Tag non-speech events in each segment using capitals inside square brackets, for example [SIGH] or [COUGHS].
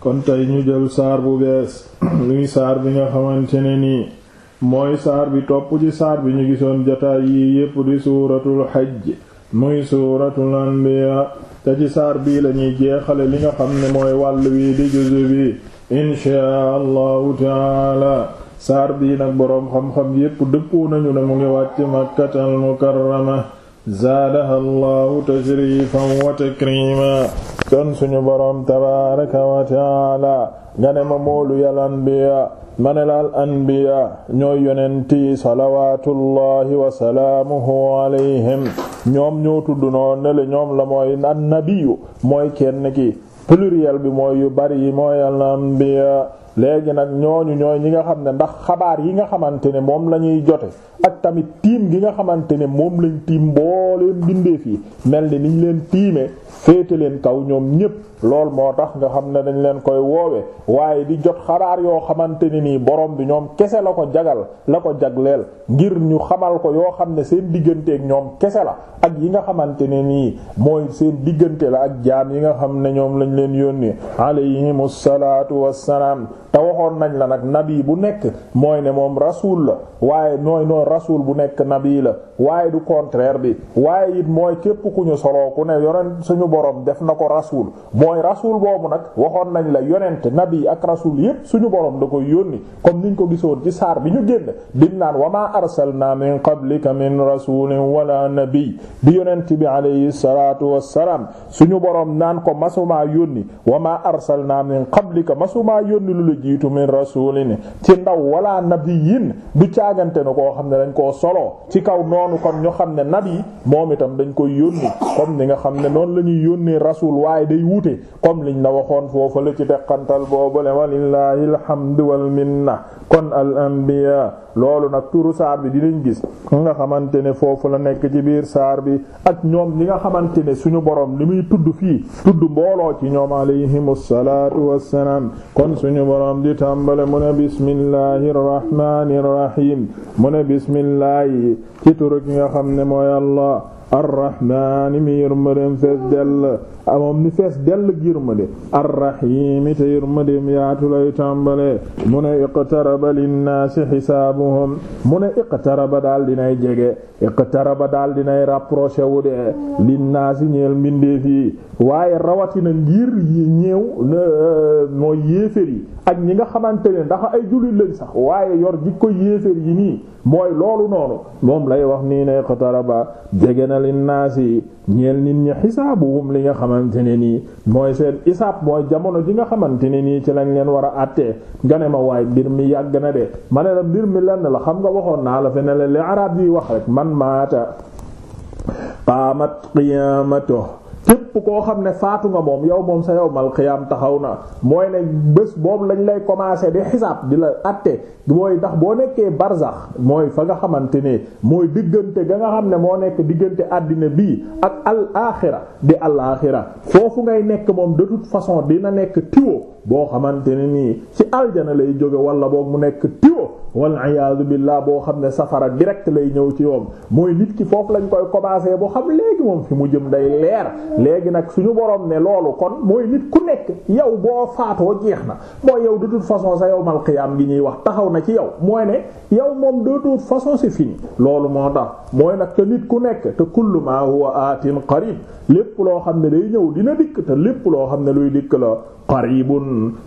kon tey ñu jël saar bu bees [COUGHS] luy saar bi nga xamante ne nii mooy saar bi topp ci saar bi ñu gisoon jataay yi yépp di suuratul xajj muy suuratul anbiya te ci saar bii lañuy jeexale li nga xam ne mooy wàll wi di juzu bi inchaa allahu taala saar bii nag boroom xam-xam yépp dëppoo nañu ne mu ngi wàcc makkatal mukarrama zaadaha allahu tashrifan wa takrima kon suñu borom tabaraka wa nga ne ma moolu yal anbiya ma ne laal anbiya ñooy yonent yi salawaatullahi wa salaamuhu ñoom ñoo tudd noonu ne la ñoom la mooy annabiyu mooy kenn ki pluriel bi mooy yu bari yi mooy al anbiya léegi nag ñooñu ñooy ñi nga xam ne ndax xabaar yi nga xamante ne moom la ñuy jote ak tamit tiim gi nga xamante ne moom lañ tiim mbooleem bindeef yi mel ni niñ leen tiime féete leen kaw ñoom ñépp lool moo tax nga xam ne dañ leen koy woowe waaye di jot xabaar yoo xamante ne nii boroom bi ñoom kese la ko jagal la ko jagleel ngir ñu xamal ko yoo xam ne seen digganteeg ñoom kese la ak yi nga xamante ne nii mooy seen diggante la ak jaam yi nga xam ne ñoom lañ leen yónni alayhimu salaatu wassalaam te waxoon nañ la nag nabi bu nekk mooy ne moom rasul la waaye nooy nooy rasul bu nekk nabi la waaye du contraire bi waaye it mooy képp ku ñu soloo ku ne yoren suñu borom def na ko rasul mooy rasul boobu nag waxoon nañ la yonent nabi ak rasul yépp suñu borom da koy yónni comme niñ ko gisoon ci saar bi ñu génn biñ naan wa ma arsalna min qablika min rasulin wala nabi bi yonent bi alayhi salatu wassalam suñu borom ma arsalna min lu la jiitu min rasulin ci ndaw wala nabiyin du caagante na koo xam ne dañ koo solo ci kaw noonu kon ñu xam ne nabi moom itam dañ koy yónni comme ni nga xam ne noonu lañuy yónnee rasul waaye day wute comme liñ la waxoon foofu la ci teqantal boobule walillahi alhamdu wal minna kon al anbiya loolu nag turu saar bi dinañ gis nga xamante ne foofu la nekk ci biir saar bi ak ñoom ñi nga xamante ne suñu borom li muy tudd fii tudd mbooloo ci ñoom alayhimu salaatu wassalaam kon suñu borom di tàmbale mu ne bismillahi rahmaani rahim mu ne bismillahi ci turu ki nga xam ne mooy Allah arrahmaani mi yërmandeem fees dell ah, moom ni fees dell yërmande arrahiimi te yërmandeem yaatu lay tàmbale mu ne iqtaraba linnaasi xisaabuhum mu ne iqtaraba daal dinay jege iqtaraba daal di nay wu de linnaasi ñeel mbindeef yi waaye rawatina ngir yi ñeew euh, mooy yéeféer yi ak ñi nga xamante ne ndax ay jullit lañ sax waaye yor jikko yéeféer yi nii mooy loolu noonu moom lay wax nii ne iqtaraba jege na linnaasi ñeel nit ñi xisaabuhum li nga xamante ne nii mooy seen isaab mooy jamono ji nga xamante ne nii ci lañ leen war a àttee nga ne ma waaye mbir mi yàgg na de ma ne la mbir mi lenn la xam nga waxoon naa la fe ne la li arab yi wax rek man maata qaamat qiyaamatuhu képp koo xam ne faatu nga moom yow moom sa yow mal taxaw na mooy ne bés boobu lañ lay commencer di xisaab di la àtte mooy ndax boo nekkee barzax mooy fa nga xamante ne mooy diggante ga nga xam ne moo nekk diggante àddina bii ak al axira di al axira foofu ngay nekk moom de toute façon dina nekk tiwo boo xamante ne nii ci aljana lay jóge wala boo mu nekk tiwo wal iyaadu billah boo xam ne safara direct lay ñëw ci yoom mooy nit ki foofu lañ koy commencer boo xam léegi moom mu jëm day leer léegi nag suñu borom ne loolu kon mooy nit ku nekk yow boo faatoo jeex na mooy yow de toute façon sa yow mal xiyaam gi ñuy wax taxaw na ci yow mooy ne yow moom de toute façon c'est fini loolu moo tax mooy nag te nit ku nekk te kullu ma huwa atin qarib lépp loo xam ne day ñëw dina dikk te lépp loo xam ne luy dikk la qaribun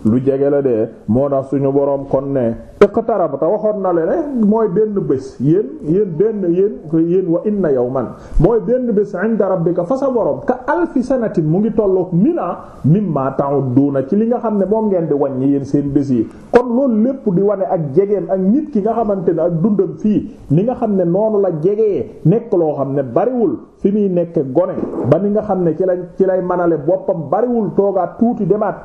lu jege la de moo tax suñu boroom kon ne iqtaraba te waxoon na le ne eh, mooy benn bés yéen yéen benn yéen yéen wa inna man mooy benn bés inda rabbika fa sa boroom ka alfi sanatin mu ngi tolloog mina mimma ta'udduna ci li nga xam ne moom ngeen di wàññi yéen seen bés yi kon loolu lépp di wane ak jegeem ak nit ki nga xamante ne ak dundam fii ni nga xam ne noonu la jegee nekk loo xam ne bariwul fi muy nekk gone ba ni nga xam ne ci lañ ci lay manale boppam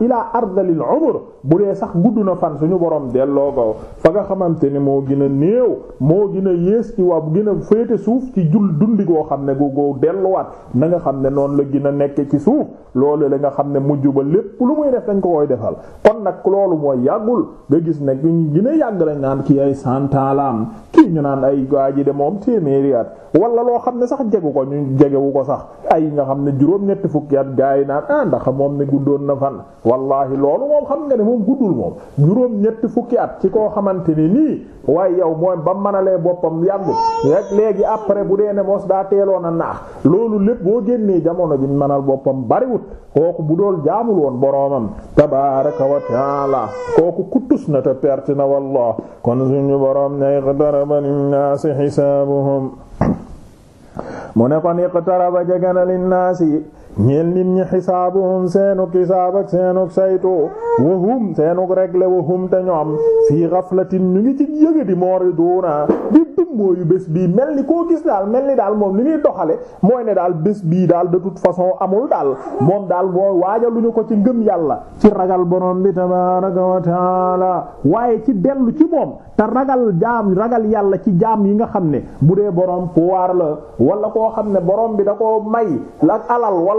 ila ardalil umr bu dee sax gudd na fan suñu boroom delloo ko fa nga xamante ni moo gën a néew moo gën a yées ci waa bu gën a féete suuf ci jul dundi goo xam ne gu goo delluwaat na nga xam ne noonu la gën a nekk ci suuf loolu la nga xam ne mujj ba lépp lu muy def dañ ko defal kon nag loolu mooy yàggul nga gis ne ñu gën a yàgg lañ naan kii ay santaalam kii ñu naan ay gaa ji de moom téeméeri at wala loo xam ne sax jegu ko ñu jegewu ko sax ay nga xam ne juróom ñetti fukki at yi naan ah, ndax moom ne wallahi loolu moom xam nga ne moom guddul moom juróom ñetti fukki at ci koo xamante ni nii waaye yow mooy ba mënalee boppam yàggu rek léegi après bu dee ne mos daa teeloon a naax loolu lépp boo génnee jamono ji mënal boppam bariwut kooku bu dool jaamul woon boroomam tabaaraka wa taala kooku kuttus na te perte na wallah kon suñu boroom ne iqtaraba linnaasi xisaabuhum mu ne kon iqtaraba jegana linnaasi ñeel nit ñi xisaabuhum seenug xisaab ak seenug saytu wahum seenug regle wahum te ñoom fii xaflatin ñu ngi ci yëga di moori duuna di dummóoyu bés bii mel ni koo gis daal mel ni daal moom li ñuy doxale mooy ne daal bés bii daal de toute façon amul daal moom daal boo waajaluñu ko ci ngëm yàlla ci ragal borom bi tabaaraka wa waaye ci dellu ci moom te ragal jaam ragal yàlla ci jaam yi nga xam ne bu dee borom pouvoir la wala koo xam ne borom bi da may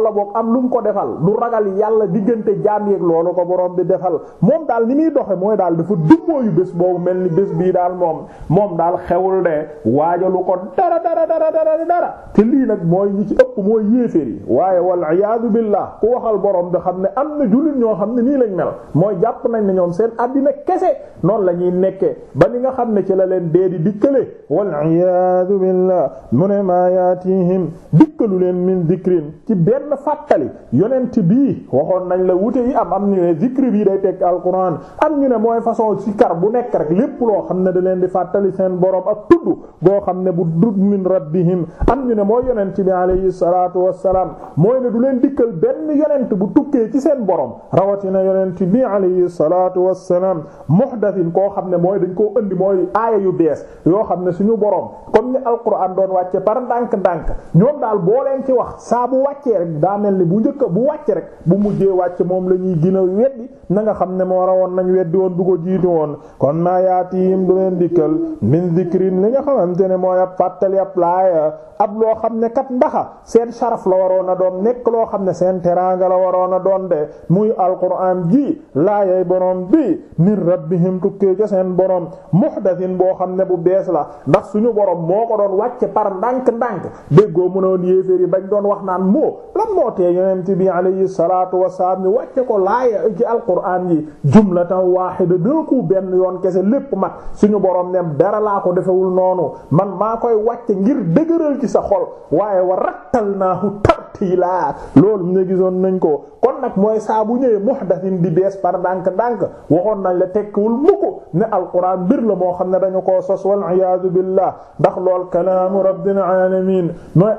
wala boog am lu mu ko defal du ragal yàlla diggante jaam yeeg loolu ko borom bi defal moom daal ni muy doxe mooy daal dafa dummóoyu bés boobu mel ni bés bii daal moom moom daal xewul de waajalu ko dara dara dara dara dara te lii nag mooy ñi ci ëpp mooy yéeféer yi waaye wal iyaadu billah ku waxal borom bi xam ne am na jullit ñoo xam ne nii lañ mel mooy jàpp nañ ne ñoom seen àddina kese noonu la ñuy nekkee ba ni nga xam ne ci la leen dee di dikkale wal iyaadu billah mu ne maa yaatihim dikkalu leen min dikrin ci benn benn fàttali yonent bi waxoon nañ la wute yi am am ñu ne zikri bii day teg alquran am ñu ne mooy façon sikar bu nekk rek lépp loo xam ne da leen di fàttali seen borom ak tudd goo xam ne bu dut min rabbihim am ñu ne mooy yonent bi alayhi salaatu wassalaam mooy ne du leen dikkal benn yonent bu tukkee ci seen borom rawatina yonent bi alayhi salaatu wassalaam muhdathin koo xam ne mooy dañ koo indi mooy aaya yu bees yoo xam ne suñu borom comme ni alquran doon wàcce par ndànk-ndànk ñoom daal boo leen ci wax saa bu rek daa mel ni bu njëkk bu wàcc rek bu mujjee wàcc moom la ñuy gën a weddi na nga xam ne moo rawoon nañ weddi woon bu ko jiitu woon kon maa yaatihim du leen dikkal min dikrin li nga xamante ne mooy ab fàttali ab laaya ab loo xam ne kat ndaxa seen saraf la waroon a doon nekk loo xam ne seen teraanga la waroon a doon de muy alquran ji laayay borom bi min rabbihim tukkee ca seen borom muhdathin boo xam ne bu bees la ndax suñu borom moo ko doon wàcce par ndànk-ndànk déggoo mënoon yéeféer yi doon wax naan moo lan moo tee yonent bi alayhi salaatu wasalaam ni wàcce ko laaya ci alquran yi jumlatan waahida deux benn yoon kese lépp ma suñu borom nem dara laa ko defewul noonu man maa koy wacce ngir dëgëral ci sa xol waaye wa rattalnaahu tartiila loolu mu ne gisoon nañ ko kon nag mooy saabu bu ñëwee muhdathin di bees par ndànk-ndànk waxoon nañ la tekkiwul mukk ne alquran mbir la moo xam ne dañu ko sos wal iyaadu billah ndax lool kalaamu rabbil alamin mooy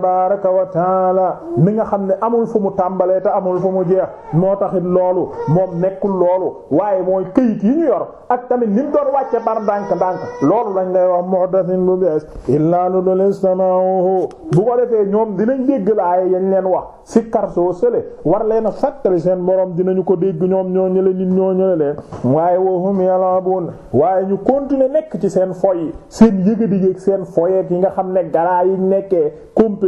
tabaraka wa taala mi nga xam ne amul fu mu tàmbalee te amul fu mu jeex moo taxit loolu moom nekkul loolu waaye mooy këyit yi ñu yor ak tamit ni mu doon wàcce bar ndànk-ndànk loolu lañ lay wax muhdathin bu bees la lu dul istama'uhu bu ko defee ñoom dinañ dégg laaye yañ leen wax si karsoo sële war leen a fàttali seen borom dinañu ko dégg ñoom ñoo ñële nit ñoo ñële leen waaye wahum yalabun waaye ñu continuer nekk ci seen foy seen yëga digéeg seen foyeet yi nga yi nekkee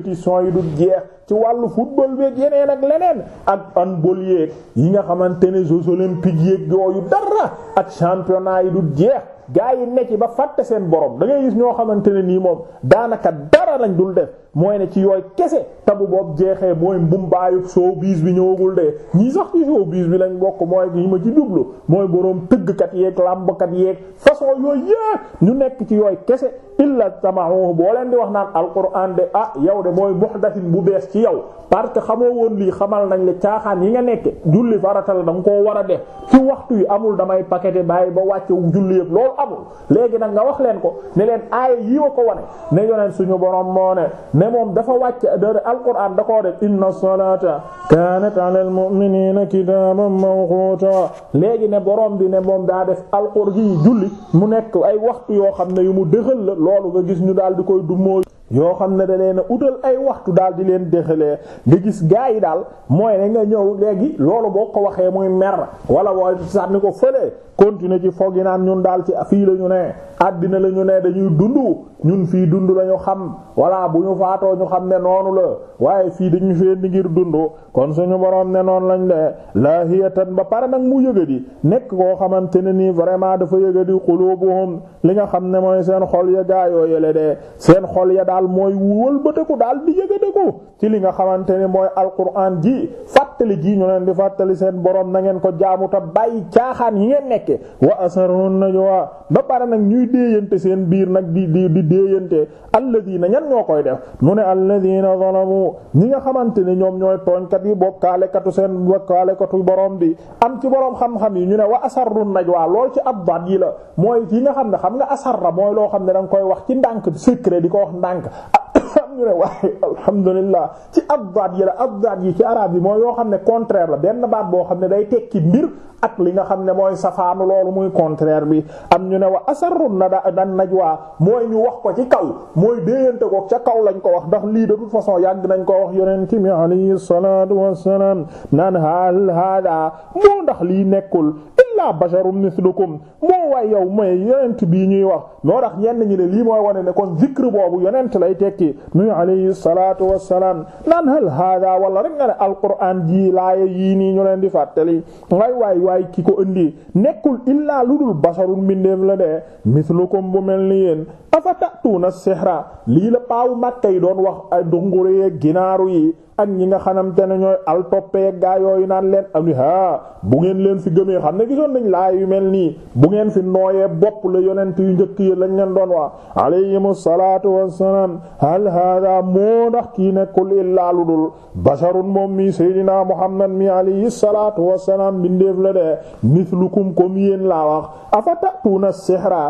compétition yi du jeex ci wàllu football beeg yeneen ak leneen ak handball yeeg yi nga xamante ne jeux olympiques yeeg yooyu dara ak championnat yi du jeex gaa yi nekk ba fàtte seen borom da ngay gis ñoo xamante ne nii moom daanaka dara lañ dul def mooy ne ci yooy kese tabu boobu jeexee mooy mbumbaayub showbiz bi ñëwagul de ñii sax ci showbiz bi lañ bokk mooy ñi ma ci jublu mooy boroom tëggkat yeeg làmbkat yeeg façon yooyu ñu nekk ci yooy kese illa tamahu boo leen d wax naan alquran de ah yow de mooy muhdathin bu bees ci yow parce que xamoo woon lii xamal nañ la caaxaan yi nga nekk julli farata la da koo war a def ci waxtu yi amul damay paqueté bàyyi ba wàcce julli yëpp loolu amul léegi nag nga wax leen ko ne leen aaya yi wa ko wane ne yoneen suñu borom moo ne ne moom dafa wàcce dara alquran da koo def inna salata kanat ala al mu'minina kitaban mawquta léegi ne borom bi ne moom daa def alqur yi julli mu nekk ay waxtu yoo xam ne yu mu dëxal la loolu nga gis ñu daal di koy dummóoy yoo xam ne da leen a utal ay waxtu daal di leen déxalee nga gis gaa yi daal mooy ne nga ñëw léegi loolu boo ko waxee muy mer wala boo sànni ko fële continuer ci foog yi naan ñun daal ci fii la ñu ne àddina la ñu ne dañuy dund ñun fii dund la ñu xam walla bu ñu faatoo ñu xam ne noonu la waaye fii dañu feen di ngir dund kon suñu borom ne noonu lañ de laahiyatan ba pare nag mu yëgadi nekk koo xamante ne nii vraiment dafa yëgadi qulubuhum li nga xam ne mooy seen xol ya gaayoo yele de seen xol ya daal mooy wëlbatiku daal di yëgadiku ci li nga xamante ne mooy alquran ji fàttali ji ñu leen di fàttali seen borom na ngeen ko jaamu bàyyi caaxaan yi lekke wa asarun waa ba pare nag ñuy déeyante seen biir nag di di di déeyante alladina ñan ñoo koy def mu ne alladina zalamu ñi nga xamante ne ñoom ñooy tooñkat yi katu seen bokkaalekatu borom bi am ci borom xam-xam yi ñu ne wa asarun waa lool ci ab baat yi la mooy yi nga xam ne xam nga asarra mooy loo xam ne danga koy wax ci ndànk secret di ko wax ndànk am ñu ne waaye [LAUGHS] alhamdulilah ci abdaat yi la abdaat yi ci araab yi mooy yoo xam ne contraire la benn baat boo xam ne day tekki mbir ak li nga xam ne mooy safaanu loolu muy contraire bi am ñu ne wa asarru na dan najwa mooy ñu wax ko ci kaw mooy déeyante ko ca kaw lañ ko wax ndax lii de toute façon yàgg nañ ko wax yonent mi alayhi salaatu wassalaam naan hal hada moo ndax lii nekkul illaa basharun mislukum moo waay yow mooy yonent bi ñuy wax moo tax ñenn ñi ne lii mooy wone ne kon zikr boobu yonent lay muy alayhi salaatu wassalaam naan hal hada wala nii ñu leen di fàttali waay waay waay ki ko indi nekkul illaa lu dul basarun mbindeef la de mislukum bu mel ni yéen afatatuuna sihra lii la paawu Makka yi doon wax ay dunguru yeeg ginaaru yi ak ñi nga xamante ne ñooy al toppee gaa yooyu naan leen am haa bu ngeen leen fi gëmee xam ne gisoon nañ laay yu mel nii bu ngeen fi nooyee bopp la yonent yu njëkk yi lañ leen doon wax alayhimu salaatu wassalaam hal hada moo ndax kii nekkul illaa lu dul basharun moom mi seydinaa Muhammad mi alayhi salaatu wassalaam mbindeef la de mithlukum comme yéen laa wax afatatuuna sihra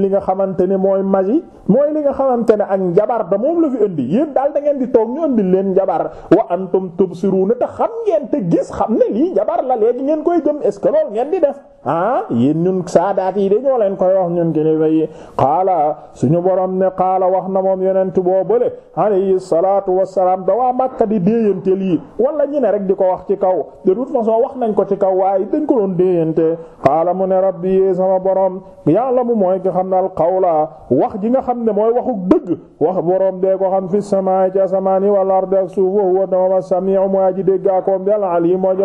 li nga xamante ne mooy maji mooy li nga xamante ne ak njabar ba moom la fi indi yéen daal da ngeen di toog ñu indil leen njabar wa antum tubsiruna te xam ngeen te gis xam ne lii njabar la léegi ngeen koy jëm est ce que ngeen di def. ah yéen ñun saadaat yi dañoo leen koy wax ñun kilifa yi xaala suñu borom ne xaala wax na moom yonent boo bële alayhi salaatu wassalaam da waa Makka di déeyante lii wala ñi rek di ko wax ci kaw de toute façon wax nañ ko ci kaw waaye dañ ko doon déeyante xaala mu ne rabbi yee sama borom yàlla mu mooy ki xam ne al qawla wax ji nga xam ne mooy waxu dëgg wax borom dee ko xam fi samaa'i a asamaani wal ardi ak suuf wa huwa dama sami'u mooy aji dégg akoom bi al alim mooy ji